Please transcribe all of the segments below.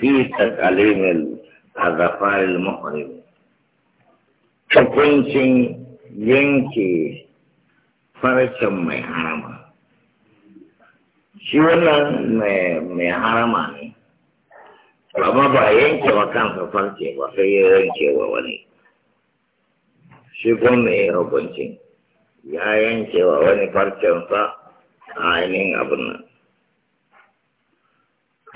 في تكاليم الأظفار المحرم hukuncin yanke farcen mai harama shi wannan mai harama ne amma ba yanke wa kansa farce ba sai ya yanke wa wani shi kuma mai hukuncin ya yanke wa wani a ainihin abin nan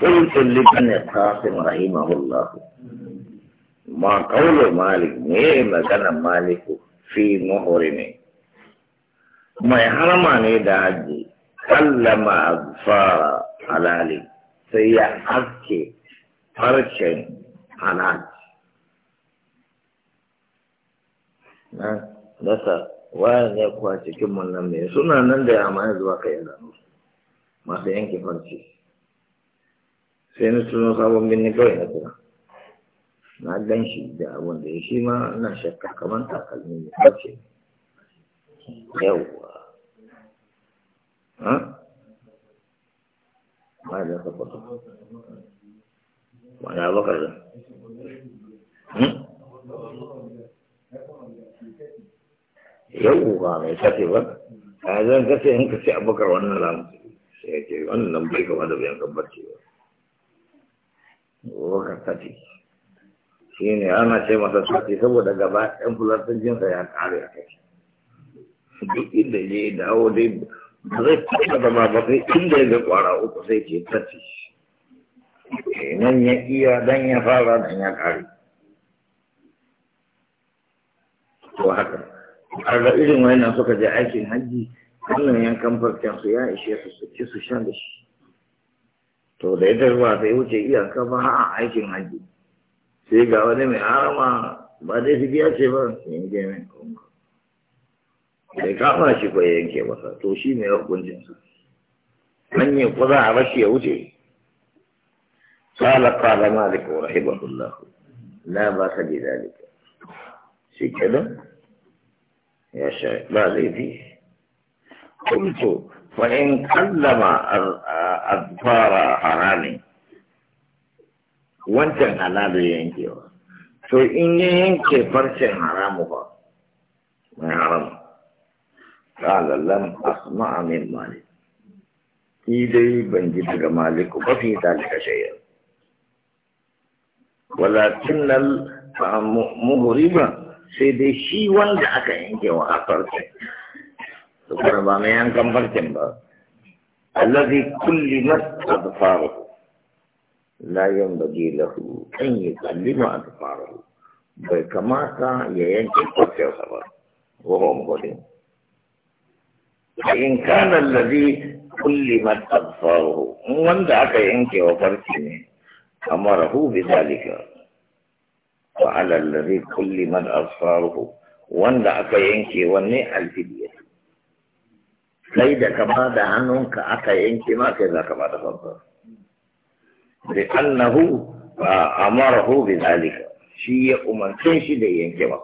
قلت لبن القاسم رحمه الله ما قول مالك ما كان مالك في مهرمه ما يحرمني ده حجي كلم أظفار حلالي سيحكي فرشا حلالي نسى وين يقوى تكمل نمي سنة نندي أما يزوى قيلا ما سينكي فرشي sai na tuno sabon birnin kawai na tuna na gan shi da abin da ya shi ma na shakka kamar takalmi ne ta ce yawwa ha ba da ka ba na bakar da yawwa mai kafe ba a hmm? zan kafe in kafe abokar wannan lamu sai ya ce wannan bai kama da bayan kabbar ce ba wakar sati shi ne ana ce masa sati saboda gaba ɗan fulatun jinsa ya ƙare a kai duk inda da dawo dai ba zai fata zama ba sai inda ya ga uku sai ke sati nan ya iya dan ya fara dan ya ƙare to haka aga ga irin wannan suka je aikin hajji wannan yankan farkensu ya ishe su su ci su shan da shi to da yadda ba sai wuce iyaka ba a aikin haji sai ga wani mai harama ba dai su biya ce ba yanke mai kunka sai kama shi ko yanke masa to shi mai hukuncin sa an ko za a bashi ya wuce qala qala malik rahimahullah la ba ka bi dalika shi kenan ya sha ba laifi قلت فإن كلم أذكار حرام wancan halalu ya yankewa to in ya yanke farcen haramu ba mai haramu قال لم أسمع من مالك إيدي بنجد مالك وفي ذلك شيء ولكن المغرب سيدي شي وانجا أكا ينجي وأفرته Tukar ba mai yankan farcen ba. Allazi kulli mas adfaru. La yanbaghi lahu an yukallima adfaru. Bai kamata ya yanke farcen sa ba. Wa huwa muqaddim. In kana allazi kulli mas adfaru. Wanda aka yanke wa ne. أمره بذلك وعلى الذي كل من أبصاره kai da ka ba da hannunka aka yanke ma kai za ka ba da fansa bi annahu amarahu bi zalika shi ya umarce shi da yanke ba.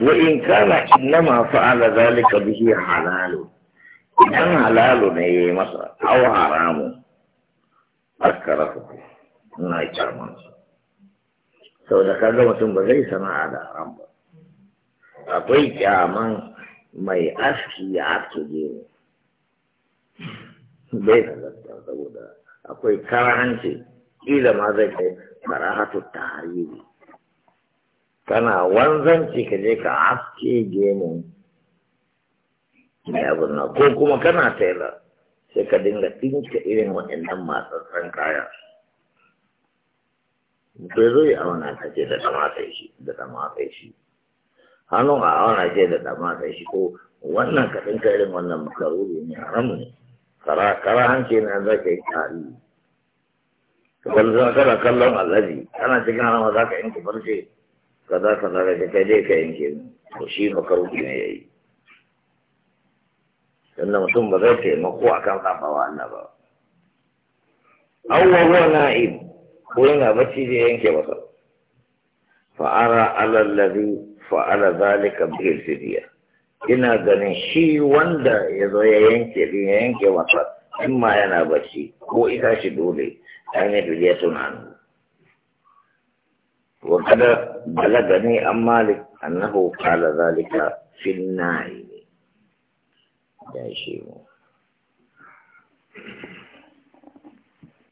wa in kana ma fa'ala zalika bihi halalu idan halalu ne ya yi masa aw haramu ku na charman sau da kaga mutum ba zai sana'a da haram ba akwai kyaman mai aski ya aske gemu bai halatta saboda akwai karanci kila ma zai kai karahatu tarihi. kana wanzanci ka je ka aske gemu mai abin ko kuma kana tela sai ka dinga tinka irin waɗannan matsatsan kaya mutu ya zo ya auna ta ce da ɗamatsai shi da ɗamatsai shi hannun a auna ce da dama ta shi ko wannan kaɗin irin wannan makaruri ne haram ne kara kara hanci na za ka yi Ka kamar za kana kallon allazi kana cikin harama za ka yanke farce ka za ka kai dai ka yanke to shi makaruri ne ya yi Tunda mutum ba zai taimako a kan sabawa Allah ba awwa na na'im ko yana bacci zai yanke masa fa'ara alallazi fa'ala zalika bihil ina ganin shi wanda ya zo ya yanke din ya yanke masa in yana bacci ko ita shi dole ana yi fidiya tunanu wa kada balagani an malik annahu qala zalika fil na'i ya shi